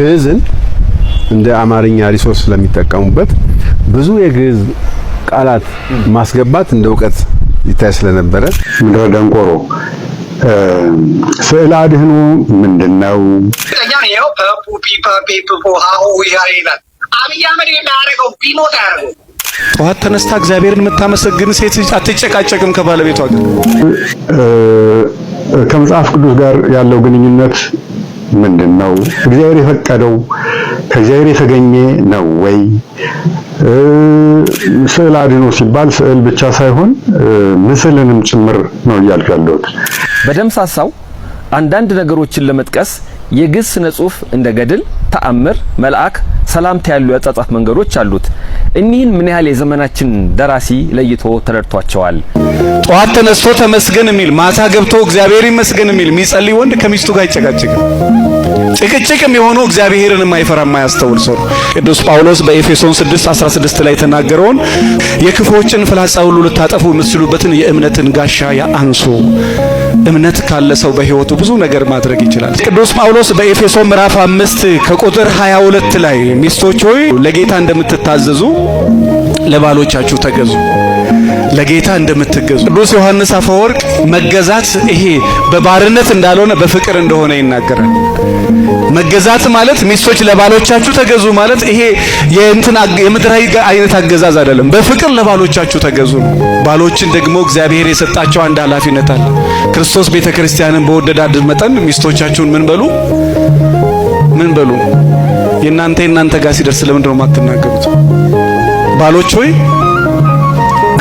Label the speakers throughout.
Speaker 1: ግዕዝን እንደ አማርኛ ሪሶርስ ስለሚጠቀሙበት ብዙ የግዕዝ ቃላት ማስገባት እንደ እውቀት ይታይ ስለነበረ
Speaker 2: ምድረ ደንቆሮ ስዕል ምንድነው ምንድን ነው?
Speaker 3: ጠዋት ተነስታ እግዚአብሔርን የምታመሰግን ሴት አትጨቃጨቅም ከባለቤቷ ጋር።
Speaker 2: ከመጽሐፍ ቅዱስ ጋር ያለው ግንኙነት ምንድን ነው? እግዚአብሔር የፈቀደው ከእግዚአብሔር የተገኘ ነው ወይ? ስዕል አድኖ ሲባል ስዕል ብቻ ሳይሆን ምስልንም ጭምር ነው እያልኩ ያለሁት።
Speaker 4: በደምሳሳው አንዳንድ ነገሮችን ለመጥቀስ የግስ ስነ ጽሁፍ እንደ ገድል፣ ተአምር፣ መልአክ፣ ሰላምታ ያሉ የአጻጻፍ መንገዶች አሉት። እኒህን ምን ያህል የዘመናችን ደራሲ ለይቶ ተረድቷቸዋል?
Speaker 3: ጠዋት ተነስቶ ተመስገን የሚል ማታ ገብቶ እግዚአብሔር ይመስገን የሚል የሚጸልይ ወንድ ከሚስቱ ጋር ይጨቃጭቅ ጭቅጭቅም የሆነው እግዚአብሔርን የማይፈራ የማያስተውል ሰው። ቅዱስ ጳውሎስ በኤፌሶን 6:16 ላይ የተናገረውን የክፎችን ፍላጻ ሁሉ ልታጠፉ የምትችሉበትን የእምነትን ጋሻ ያአንሱ እምነት ካለ ሰው በህይወቱ ብዙ ነገር ማድረግ ይችላል። ቅዱስ ጳውሎስ በኤፌሶ ምዕራፍ አምስት ከቁጥር 22 ላይ ሚስቶች ሆይ ለጌታ እንደምትታዘዙ ለባሎቻችሁ ተገዙ፣ ለጌታ እንደምትገዙ። ቅዱስ ዮሐንስ አፈወርቅ መገዛት ይሄ በባርነት እንዳልሆነ በፍቅር እንደሆነ ይናገራል። መገዛት ማለት ሚስቶች ለባሎቻችሁ ተገዙ ማለት ይሄ የእንትን የምድራዊ አይነት አገዛዝ አይደለም። በፍቅር ለባሎቻችሁ ተገዙ። ባሎችን ደግሞ እግዚአብሔር የሰጣቸው አንድ ኃላፊነት አለ። ክርስቶስ ቤተ ክርስቲያንን በወደዳት መጠን ሚስቶቻችሁን ምን በሉ ምን በሉ። የእናንተ የእናንተ ጋር ሲደርስ ለምንድነው የማትናገሩት? ባሎች ሆይ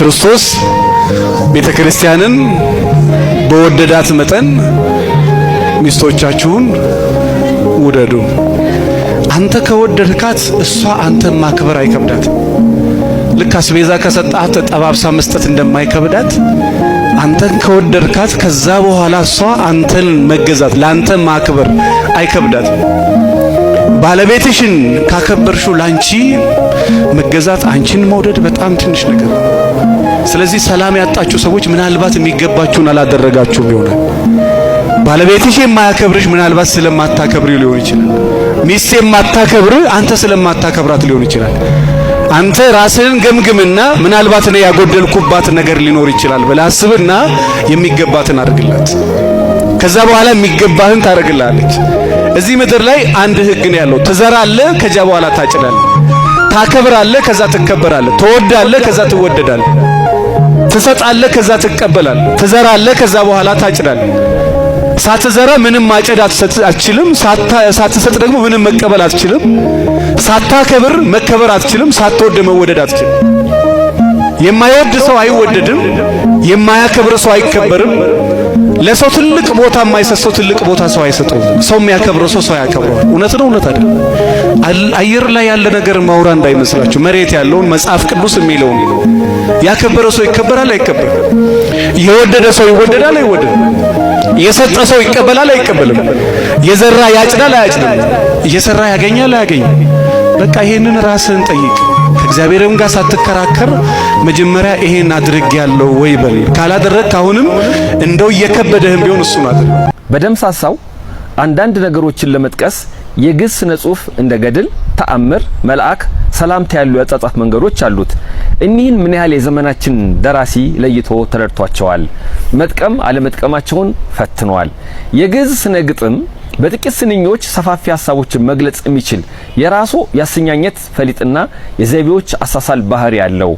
Speaker 3: ክርስቶስ ቤተ ክርስቲያንን በወደዳት መጠን ሚስቶቻችሁን ውደዱ። አንተ ከወደድካት እሷ አንተን ማክበር አይከብዳት። ልክ አስቤዛ ከሰጣት ጠባብሳ መስጠት እንደማይከብዳት አንተን ከወደድካት ከዛ በኋላ እሷ አንተን መገዛት ለአንተ ማክበር አይከብዳት ባለቤትሽን ካከበርሽው ላንቺ መገዛት አንቺን መውደድ በጣም ትንሽ ነገር ነው። ስለዚህ ሰላም ያጣችሁ ሰዎች ምናልባት የሚገባችሁን አላደረጋችሁም ይሆናል። ባለቤትሽ የማያከብርሽ ምናልባት ስለማታከብሪ ሊሆን ይችላል። ሚስት የማታከብር አንተ ስለማታከብራት ሊሆን ይችላል። አንተ ራስህን ገምግምና ምናልባት እኔ ያጎደልኩባት ነገር ሊኖር ይችላል ብለህ አስብና የሚገባትን አድርግላት። ከዛ በኋላ የሚገባህን ታደርግላለች። እዚህ ምድር ላይ አንድ ህግ ነው ያለው። ትዘራለህ፣ ከዛ በኋላ ታጭዳለህ። ታከብራለህ፣ ከዛ ትከበራለህ። ትወዳለህ፣ ከዛ ትወደዳለህ። ትሰጣለህ፣ ከዛ ትቀበላለህ። ትዘራለህ፣ ከዛ በኋላ ታጭዳለህ። ሳትዘራ ምንም ማጨድ አትችልም። ሳትሰጥ ደግሞ ምንም መቀበል አትችልም። ሳታከብር መከበር አትችልም። ሳትወድ መወደድ አትችልም። የማይወድ ሰው አይወደድም። የማያከብር ሰው አይከበርም። ለሰው ትልቅ ቦታ የማይሰጥ ሰው ትልቅ ቦታ ሰው አይሰጠው። ሰው የሚያከብረው ሰው ሰው ያከብረዋል። እውነት ነው፣ እውነት አይደለም። አየር ላይ ያለ ነገር ማውራ እንዳይመስላችሁ። መሬት ያለውን መጽሐፍ ቅዱስ የሚለውን ያከበረ ሰው ይከበራል፣ አይከበርም። የወደደ ሰው ይወደዳል፣ አይወደድም። የሰጠ ሰው ይቀበላል፣ አይቀበልም። የዘራ ያጭዳል፣ አያጭድም። የሰራ ያገኛል፣ አያገኝም። በቃ ይሄንን ራስህን ጠይቅ። ከእግዚአብሔርም ጋር ሳትከራከር መጀመሪያ ይሄን አድርግ ያለው ወይ በል። ካላደረግ አሁንም እንደው እየከበደህም ቢሆን እሱን አድርግ።
Speaker 4: በደምሳሳው አንዳንድ ነገሮችን ለመጥቀስ የግዕዝ ስነ ጽሁፍ እንደ ገድል፣ ተአምር፣ መልአክ፣ ሰላምታ ያሉ ያጻጻፍ መንገዶች አሉት። እኒህን ምን ያህል የዘመናችን ደራሲ ለይቶ ተረድቷቸዋል? መጥቀም አለመጥቀማቸውን ፈትኗል። የግዕዝ ስነ ግጥም በጥቂት ስንኞች ሰፋፊ ሀሳቦችን መግለጽ የሚችል የራሱ የአስኛኘት ፈሊጥና የዘይቤዎች አሳሳል ባህሪ ያለው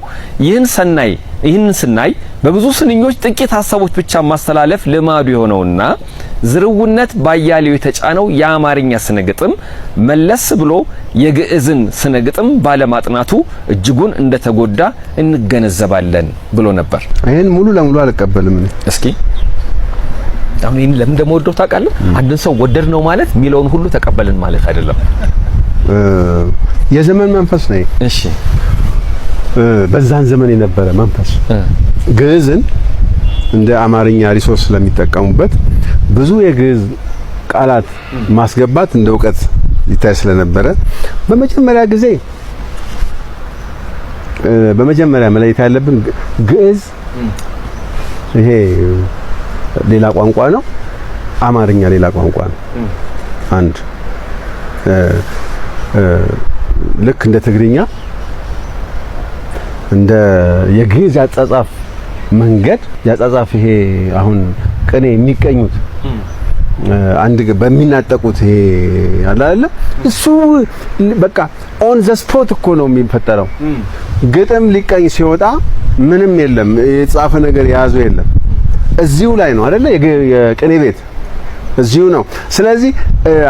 Speaker 4: ይህን ሰናይ ይህን ስናይ በብዙ ስንኞች ጥቂት ሀሳቦች ብቻ ማስተላለፍ ልማዱ የሆነውና ዝርውነት ባያሌው የተጫነው የአማርኛ ስነ ግጥም መለስ ብሎ የግዕዝን ስነ ግጥም ባለማጥናቱ እጅጉን እንደተጎዳ እንገነዘባለን ብሎ ነበር።
Speaker 2: ይህን ሙሉ ለሙሉ አልቀበልም።
Speaker 4: እስኪ አሁን ይህን ለምን እንደምወደው ታውቃለህ? አንድን ሰው ወደድ ነው ማለት የሚለውን ሁሉ ተቀበልን ማለት አይደለም።
Speaker 2: የዘመን መንፈስ ነው። እሺ፣ በዛን ዘመን የነበረ መንፈስ ግዕዝን እንደ አማርኛ ሪሶርስ ስለሚጠቀሙበት ብዙ የግዕዝ ቃላት ማስገባት እንደ እውቀት ይታይ ስለነበረ በመጀመሪያ ጊዜ በመጀመሪያ መለየት ያለብን ግዕዝ ይሄ ሌላ ቋንቋ ነው። አማርኛ ሌላ ቋንቋ ነው። አንድ ልክ እንደ ትግርኛ እንደ የግዕዝ ያጻጻፍ መንገድ ያጻጻፍ ይሄ አሁን ቅኔ የሚቀኙት አንድ በሚናጠቁት ይሄ አለ አይደለ እሱ በቃ ኦን ዘ ስፖት እኮ ነው የሚፈጠረው። ግጥም ሊቀኝ ሲወጣ ምንም የለም የጻፈ ነገር የያዙ የለም። እዚሁ ላይ ነው አይደለ? የቅኔ ቤት እዚሁ ነው። ስለዚህ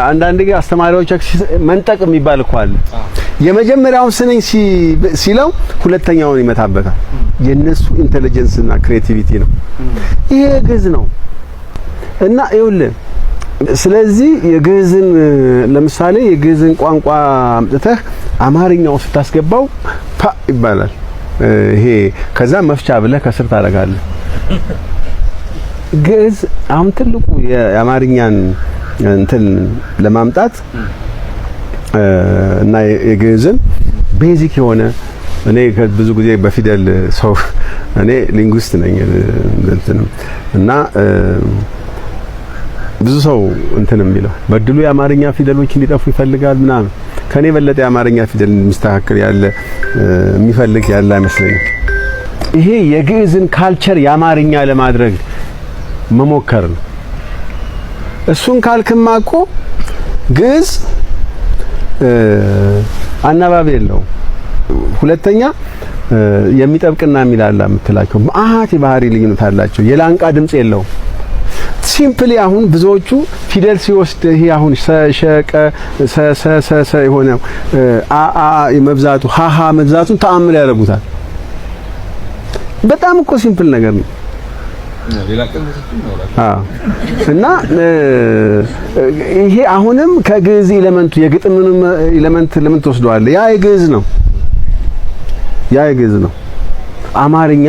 Speaker 2: አንዳንድ ጊዜ አስተማሪዎች መንጠቅ የሚባል እኮ አለ። የመጀመሪያውን ስንኝ ሲለው ሁለተኛውን ይመታበታል። የነሱ ኢንተለጀንስ እና ክሬቲቪቲ ነው። ይሄ ግዝ ነው እና ይኸውልህ ስለዚህ የግዝን ለምሳሌ የግዕዝን ቋንቋ አምጥተህ አማርኛው ስታስገባው ፓ ይባላል። ይሄ ከዛ መፍቻ ብለህ ከስር ታደርጋለህ። ግዕዝ አሁን ትልቁ የአማርኛን እንትን ለማምጣት እና የግዕዝን ቤዚክ የሆነ እኔ ብዙ ጊዜ በፊደል ሰው እኔ ሊንጉስት ነኝ እንትንም እና ብዙ ሰው እንትን የሚለው በድሉ የአማርኛ ፊደሎች እንዲጠፉ ይፈልጋል ምናምን። ከኔ በለጠ የአማርኛ ፊደል የሚስተካከል ያለ የሚፈልግ ያለ አይመስለኝም። ይሄ የግዕዝን ካልቸር የአማርኛ ለማድረግ መሞከር ነው። እሱን ካልክማ እኮ ግዕዝ አናባቢ የለውም። ሁለተኛ የሚጠብቅና የሚላላ የምትላቸው ማአት የባህሪ ልዩነት አላቸው። የላንቃ ድምጽ የለው። ሲምፕሊ አሁን ብዙዎቹ ፊደል ሲወስድ ይሄ አሁን ሰሸቀ ሰሰሰ የሆነ አ መብዛቱ ሀሀ መብዛቱን ተአምር ያደርጉታል። በጣም እኮ ሲምፕል ነገር ነው። እና ይሄ አሁንም ከግዕዝ ኤሌመንቱ የግጥምንም ኤሌመንት ለምን ትወስደዋል? ያ የግዕዝ ነው፣ ያ የግዕዝ ነው። አማርኛ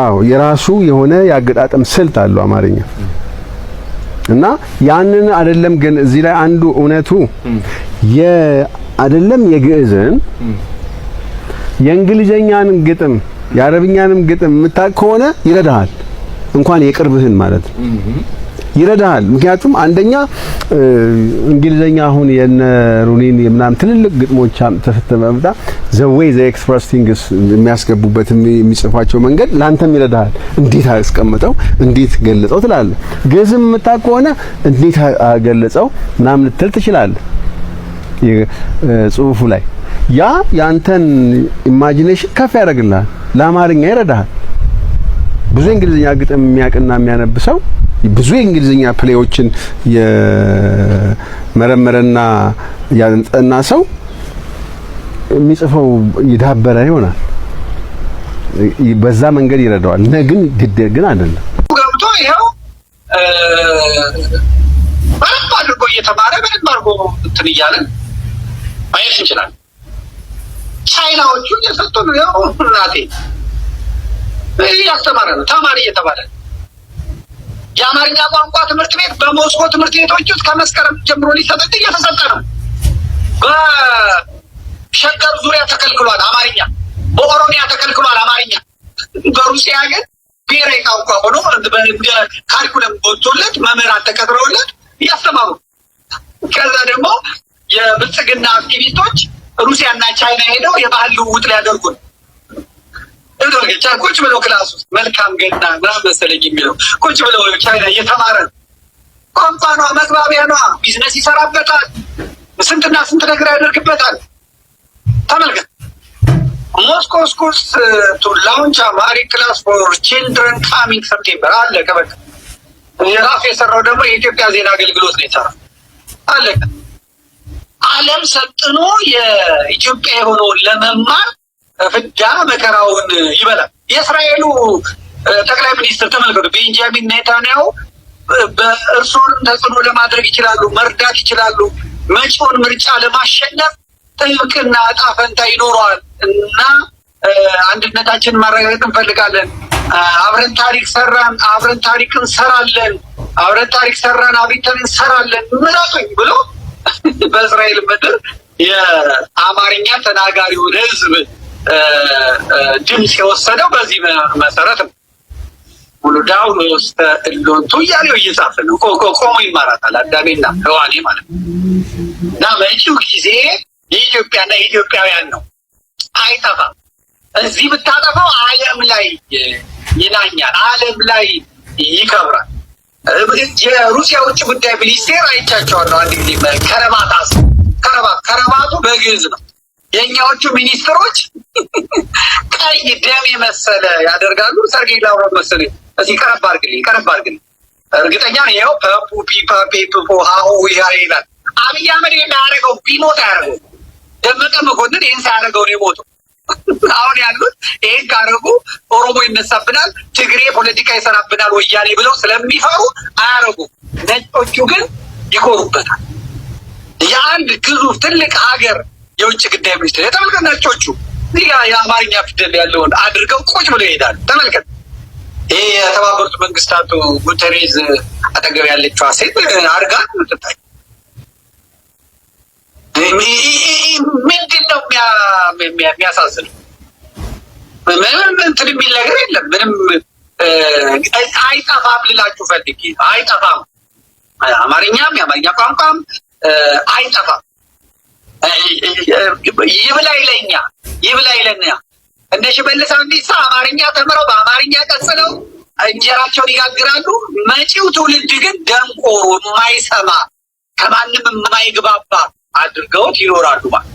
Speaker 2: አዎ የራሱ የሆነ ያገጣጠም ስልት አለው አማርኛ እና ያንን አይደለም ግን እዚህ ላይ አንዱ እውነቱ አይደለም የግዕዝን የእንግሊዘኛን ግጥም የአረብኛንም ግጥም የምታውቅ ከሆነ ይረዳሃል። እንኳን የቅርብህን ማለት ነው ይረዳሃል። ምክንያቱም አንደኛ እንግሊዘኛ አሁን የነ ሩኒን የምናም ትልልቅ ግጥሞች ተፈተመምጣ ዘዌይ ዘ ኤክስፕረስ ቲንግስ የሚያስገቡበት የሚጽፋቸው መንገድ ላንተም ይረዳሃል። እንዴት አስቀምጠው፣ እንዴት ገለጸው ትላለህ። ግዕዝም የምታውቅ ከሆነ እንዴት አገለጸው ምናምን ልትል ትችላለህ ጽሁፉ ላይ ያ ያንተን ኢማጂኔሽን ከፍ ያደርግልሃል፣ ለአማርኛ ይረዳሃል። ብዙ የእንግሊዝኛ ግጥም የሚያውቅና የሚያነብ ሰው ብዙ የእንግሊዝኛ ፕሌዎችን የመረመረና ያጠና ሰው የሚጽፈው ይዳበረ ይሆናል። በዛ መንገድ ይረዳዋል። ነ ግን ግድ ግን አይደለም።
Speaker 5: ገብቶ ይኸው በደንብ አድርጎ እየተማረ በደንብ አድርጎ እንትን እያለን ማየት እንችላለን። አይናዎቹ የሰጡ ነው። ያው እናቴ እያስተማረ ነው ተማሪ እየተባለ የአማርኛ ቋንቋ ትምህርት ቤት በሞስኮ ትምህርት ቤቶች ውስጥ ከመስከረም ጀምሮ ሊሰጥ እየተሰጠ ነው። በሸገር ዙሪያ ተከልክሏል አማርኛ፣ በኦሮሚያ ተከልክሏል አማርኛ። በሩሲያ ግን ብሔራዊ ቋንቋ ሆኖ ካሪኩለም ወጥቶለት መምህራን ተቀጥረውለት እያስተማሩ ከዛ ደግሞ የብልጽግና አክቲቪስቶች ሩሲያ እና ቻይና ሄደው የባህል ልውውጥ ሊያደርጉ ነው። ቁጭ ብለው ክላሱ መልካም ገና ምናምን መሰለኝ የሚለው ቁጭ ብለው ቻይና እየተማረ ነው። ቋንቋኗ መግባቢያኗ ቢዝነስ ይሰራበታል። ስንትና ስንት ነገር ያደርግበታል። ተመልከት ሞስኮስ ኮስ ላውንች ማሪ ክላስ ፎር ቺልድረን ካሚንግ ሰፕቴምበር አለቀ። በቃ የራሱ የሰራው ደግሞ የኢትዮጵያ ዜና አገልግሎት ነው የሰራው አለቀ። ዓለም ሰጥኖ የኢትዮጵያ የሆነውን ለመማር ፍዳ መከራውን ይበላል። የእስራኤሉ ጠቅላይ ሚኒስትር ተመልከቱ፣ ቤንጃሚን ኔታንያሁ በእርሶን ተጽዕኖ ለማድረግ ይችላሉ፣ መርዳት ይችላሉ፣ መጪውን ምርጫ ለማሸነፍ ጥብቅና እጣ ፈንታ ይኖረዋል እና አንድነታችንን ማረጋገጥ እንፈልጋለን። አብረን ታሪክ ሰራን፣ አብረን ታሪክ እንሰራለን፣ አብረን ታሪክ ሰራን፣ አብረን እንሰራለን ምረጡኝ ብሎ በእስራኤል ምድር የአማርኛ ተናጋሪውን ህዝብ ድምፅ የወሰደው በዚህ መሰረት ነው። ሙሉ ዳውን እሎንቱ እያለው እየጻፈ ነው። ቆሞ ይማራታል አዳሜና ህዋኔ ማለት ነው። እና መጪው ጊዜ የኢትዮጵያና የኢትዮጵያውያን ነው፣ አይጠፋም። እዚህ ብታጠፋው ዓለም ላይ ይናኛል፣ ዓለም ላይ ይከብራል። የሩሲያ ውጭ ጉዳይ ሚኒስቴር አይቻቸዋለሁ። አንድ ጊዜ ከረባት ከረባት ከረባቱ በግዕዝ ነው። የእኛዎቹ ሚኒስትሮች ቀይ ደም የመሰለ ያደርጋሉ። ሰርጌይ ላቭሮቭ መሰለኝ። እዚ ቀረብ አድርግልኝ፣ ቀረብ አድርግልኝ። እርግጠኛ ነው ይኸው ፐፑ ፒፓ ፔፕፖ ሀሁ ይሄ ይላል። አብይ አህመድ የሚያደርገው ቢሞት አያደርገው። ደመቀ መኮንን ይህን ሳያደርገው ነው የሞተው። አሁን ያሉት ይህን ካረጉ ኦሮሞ ይነሳብናል፣ ትግሬ ፖለቲካ ይሰራብናል፣ ወያኔ ብለው ስለሚፈሩ አያረጉ። ነጮቹ ግን ይኮሩበታል። የአንድ ግዙፍ ትልቅ ሀገር የውጭ ጉዳይ ሚኒስትር የተመልከት፣ ነጮቹ እዚህ የአማርኛ ፊደል ያለውን አድርገው ቁጭ ብለው ይሄዳል። ተመልከት። ይህ የተባበሩት መንግስታቱ ጉተሬዝ አጠገብ ያለችው ሴት አድርጋ ምትታይ የሚያሳዝነው። ምንም እንትን የሚል ነገር የለም። ምንም አይጠፋም ልላችሁ ፈልጌ አይጠፋም። አማርኛም የአማርኛ ቋንቋም አይጠፋም። ይብላይ ለኛ ይብላይ ለኛ እንደ ሽመልስ እንዲሳ አማርኛ ተምረው በአማርኛ ቀጽለው እንጀራቸውን ይጋግራሉ። መጪው ትውልድ ግን ደንቆሮ፣ የማይሰማ ከማንም የማይግባባ አድርገውት ይኖራሉ ማለት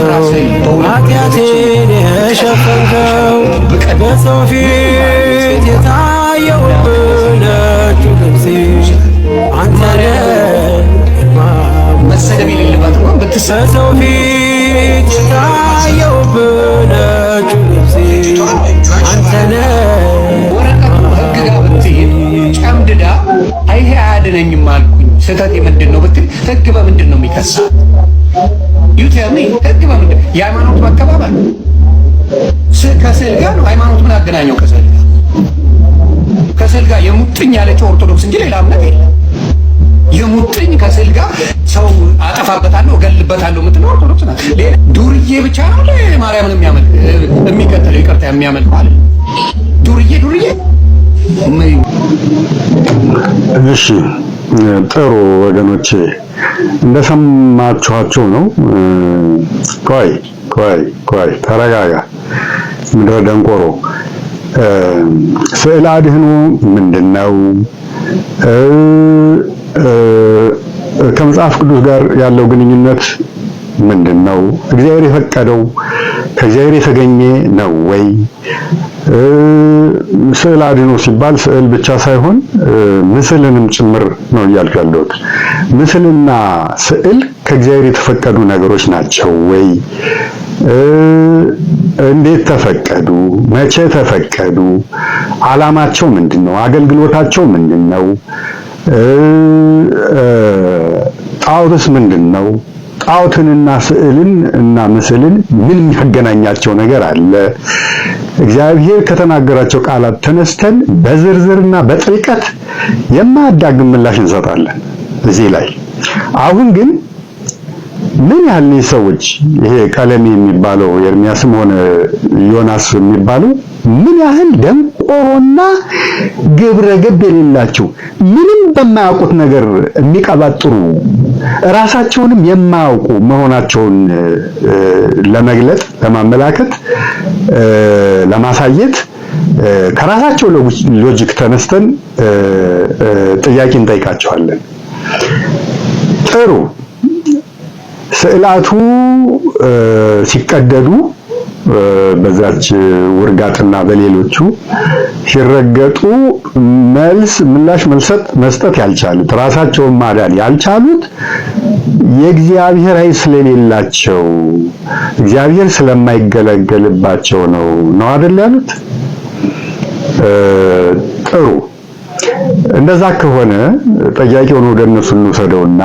Speaker 6: ኃጢአቴን የሸፈንከው በሰው ፊት የታየውብን ነጩ ልብሴ አንተ በሰው ፊት የታየውብን ነጩ ልብሴ አንተነ ጨምድዳ ይሄ አያድነኝም አልኩኝ ስህተት የምንድን ነው ብትል ህግ በምንድን ነው የሚከሳ ዩ ቴል ህግ በምንድን የሃይማኖት መከባበር ከስዕል ጋር ነው? ሃይማኖት ምን አገናኘው ከስዕል ጋር? ከስዕል ጋር የሙጥኝ ያለችው ኦርቶዶክስ እንጂ ሌላ እምነት የለም። የሙጥኝ ከስዕል ጋር ሰው አጠፋበታለሁ እገልበታለሁ የምትለው ኦርቶዶክስ ናት። ሌላ ዱርዬ ብቻ ነው ማርያምን የሚያመልክ የሚከተለው፣ ይቅርታ የሚያመልክ ማለት ዱርዬ ዱርዬ።
Speaker 2: እሺ ጥሩ ወገኖቼ እንደሰማችኋቸው ነው። ቆይ ቆይ ቆይ ተረጋጋ፣ ምድረ ደንቆሮ። ስዕል አድህኖ ምንድን ነው? ከመጽሐፍ ቅዱስ ጋር ያለው ግንኙነት ምንድን ነው? እግዚአብሔር የፈቀደው ከእግዚአብሔር የተገኘ ነው ወይ? ስዕል አድኖ ሲባል ስዕል ብቻ ሳይሆን ምስልንም ጭምር ነው እያልኩ ያለሁት። ምስልና ስዕል ከእግዚአብሔር የተፈቀዱ ነገሮች ናቸው ወይ? እንዴት ተፈቀዱ? መቼ ተፈቀዱ? ዓላማቸው ምንድን ነው? አገልግሎታቸው ምንድን ነው? ጣዖትስ ምንድን ነው? ጣዖትንና ስዕልን እና ምስልን ምን የሚያገናኛቸው ነገር አለ? እግዚአብሔር ከተናገራቸው ቃላት ተነስተን በዝርዝርና በጥልቀት የማያዳግም ምላሽ እንሰጣለን። እዚህ ላይ አሁን ግን ምን ያህል ሰዎች ይሄ ቀለሜ የሚባለው ኤርሚያስም ሆነ ዮናስ የሚባለው ምን ያህል ደንቆሮና ግብረ ገብ የሌላቸው ምንም በማያውቁት ነገር የሚቀባጥሩ ራሳቸውንም የማያውቁ መሆናቸውን ለመግለጥ፣ ለማመላከት፣ ለማሳየት ከራሳቸው ሎጂክ ተነስተን ጥያቄ እንጠይቃቸዋለን። ጥሩ ስዕላቱ ሲቀደዱ በዛች ውርጋትና በሌሎቹ ሲረገጡ መልስ ምላሽ መልሰት መስጠት ያልቻሉት ራሳቸውን ማዳን ያልቻሉት የእግዚአብሔር ኃይል ስለሌላቸው እግዚአብሔር ስለማይገለገልባቸው ነው ነው አይደል ያሉት። ጥሩ እንደዛ ከሆነ ጥያቄውን ወደ እነሱ እንውሰደውና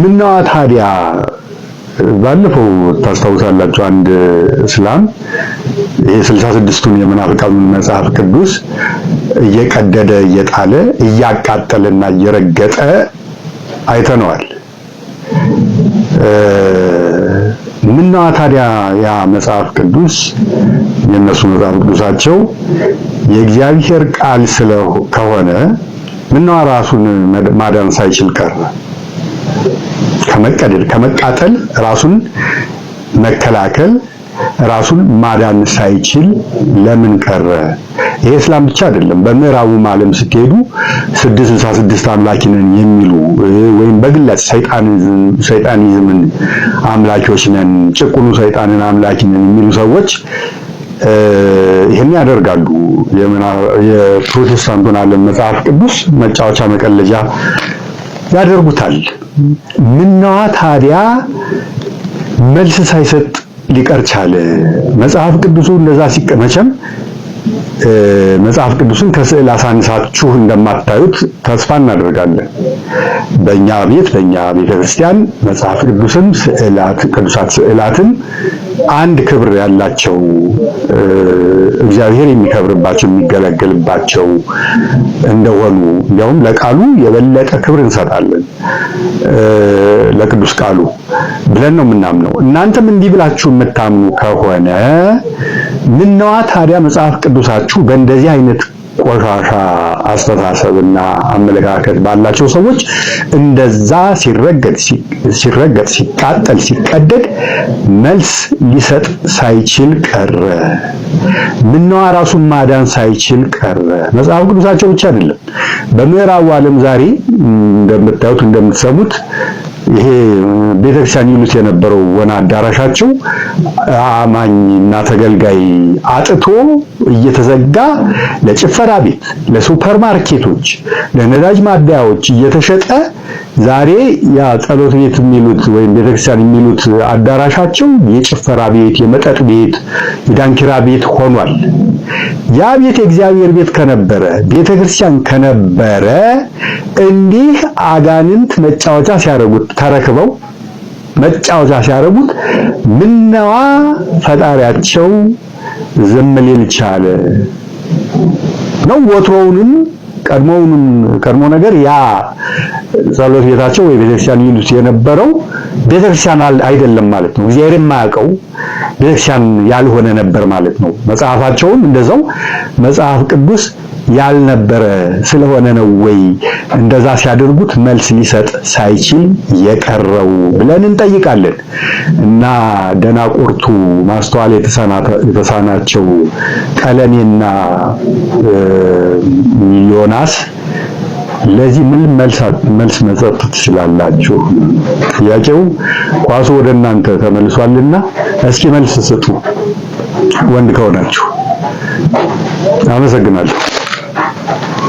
Speaker 2: ምነዋ ታዲያ ባለፈው ታስታውሳላችሁ አንድ እስላም የስልሳ ስድስቱን የመናፍቃን መጽሐፍ ቅዱስ እየቀደደ እየጣለ እያቃጠለና እየረገጠ አይተነዋል። ምነዋ ታዲያ ያ መጽሐፍ ቅዱስ የእነሱ መጽሐፍ ቅዱሳቸው የእግዚአብሔር ቃል ስለሆነ ምነዋ ራሱን ማዳን ሳይችል ቀረ? ከመቀደድ ከመቃጠል ራሱን መከላከል ራሱን ማዳን ሳይችል ለምን ቀረ? ይሄ እስላም ብቻ አይደለም። በምዕራቡም ዓለም ስትሄዱ 666 አምላኪነን ስድስት አምላኪ ነን የሚሉ ወይም በግላጭ ሰይጣኒዝምን አምላኪዎች ነን፣ ጭቁኑ ሰይጣንን አምላኪነን የሚሉ ሰዎች ይህን ያደርጋሉ። የፕሮቴስታንቱን ዓለም መጽሐፍ ቅዱስ መጫወቻ መቀለጃ ያደርጉታል። ምነዋ ታዲያ መልስ ሳይሰጥ ሊቀር ቻለ? መጽሐፍ ቅዱሱ እንደዛ ሲቀመቸም መጽሐፍ ቅዱስን ከስዕል አሳንሳችሁ እንደማታዩት ተስፋ እናደርጋለን። በእኛ ቤት በእኛ ቤተክርስቲያን መጽሐፍ ቅዱስን ስዕላት ቅዱሳት ስዕላትም አንድ ክብር ያላቸው እግዚአብሔር የሚከብርባቸው የሚገለገልባቸው እንደሆኑ እንዲያውም ለቃሉ የበለጠ ክብር እንሰጣለን ለቅዱስ ቃሉ ብለን ነው የምናምነው። እናንተም እንዲህ ብላችሁ የምታምኑ ከሆነ ምነዋ ታዲያ መጽሐፍ ቅዱሳችሁ በእንደዚህ አይነት ቆሻሻ አስተሳሰብና አመለካከት ባላቸው ሰዎች እንደዛ ሲረገጥ ሲረገጥ ሲቃጠል ሲቀደድ መልስ ሊሰጥ ሳይችል ቀረ። ምነዋ ራሱን ማዳን ሳይችል ቀረ። መጽሐፍ ቅዱሳቸው ብቻ አይደለም፣ በምዕራቡ ዓለም ዛሬ እንደምታዩት እንደምትሰሙት ይሄ ቤተክርስቲያን ይሉት የነበረው ወና አዳራሻቸው አማኝና ተገልጋይ አጥቶ እየተዘጋ ለጭፈራ ቤት፣ ለሱፐርማርኬቶች፣ ለነዳጅ ማደያዎች እየተሸጠ ዛሬ ያ ጸሎት ቤት የሚሉት ወይም ቤተክርስቲያን የሚሉት አዳራሻቸው የጭፈራ ቤት፣ የመጠጥ ቤት፣ የዳንኪራ ቤት ሆኗል። ያ ቤት የእግዚአብሔር ቤት ከነበረ ቤተክርስቲያን ከነበረ እንዲህ አጋንንት መጫወቻ ሲያረጉት ተረክበው መጫወቻ ሲያረጉት ምነዋ ፈጣሪያቸው ዝም ሊል ቻለ ነው ወትሮውንም ቀድሞውንም ቀድሞ ነገር ያ ጸሎት ቤታቸው ወይ ቤተክርስቲያን ይሉት የነበረው ቤተክርስቲያን አይደለም ማለት ነው። እግዚአብሔር የማያውቀው ቤተክርስቲያን ያልሆነ ነበር ማለት ነው። መጽሐፋቸውም እንደዛው መጽሐፍ ቅዱስ ያልነበረ ስለሆነ ነው ወይ እንደዛ ሲያደርጉት መልስ ሊሰጥ ሳይችል የቀረው ብለን እንጠይቃለን። እና ደናቁርቱ ማስተዋል የተሳናቸው ቀለሜና ዮናስ ለዚህ ምን መልስ መስጠት ትችላላችሁ? ጥያቄው ኳሱ ወደ እናንተ ተመልሷልና እስኪ መልስ ስጡ፣ ወንድ ከሆናችሁ። አመሰግናለሁ።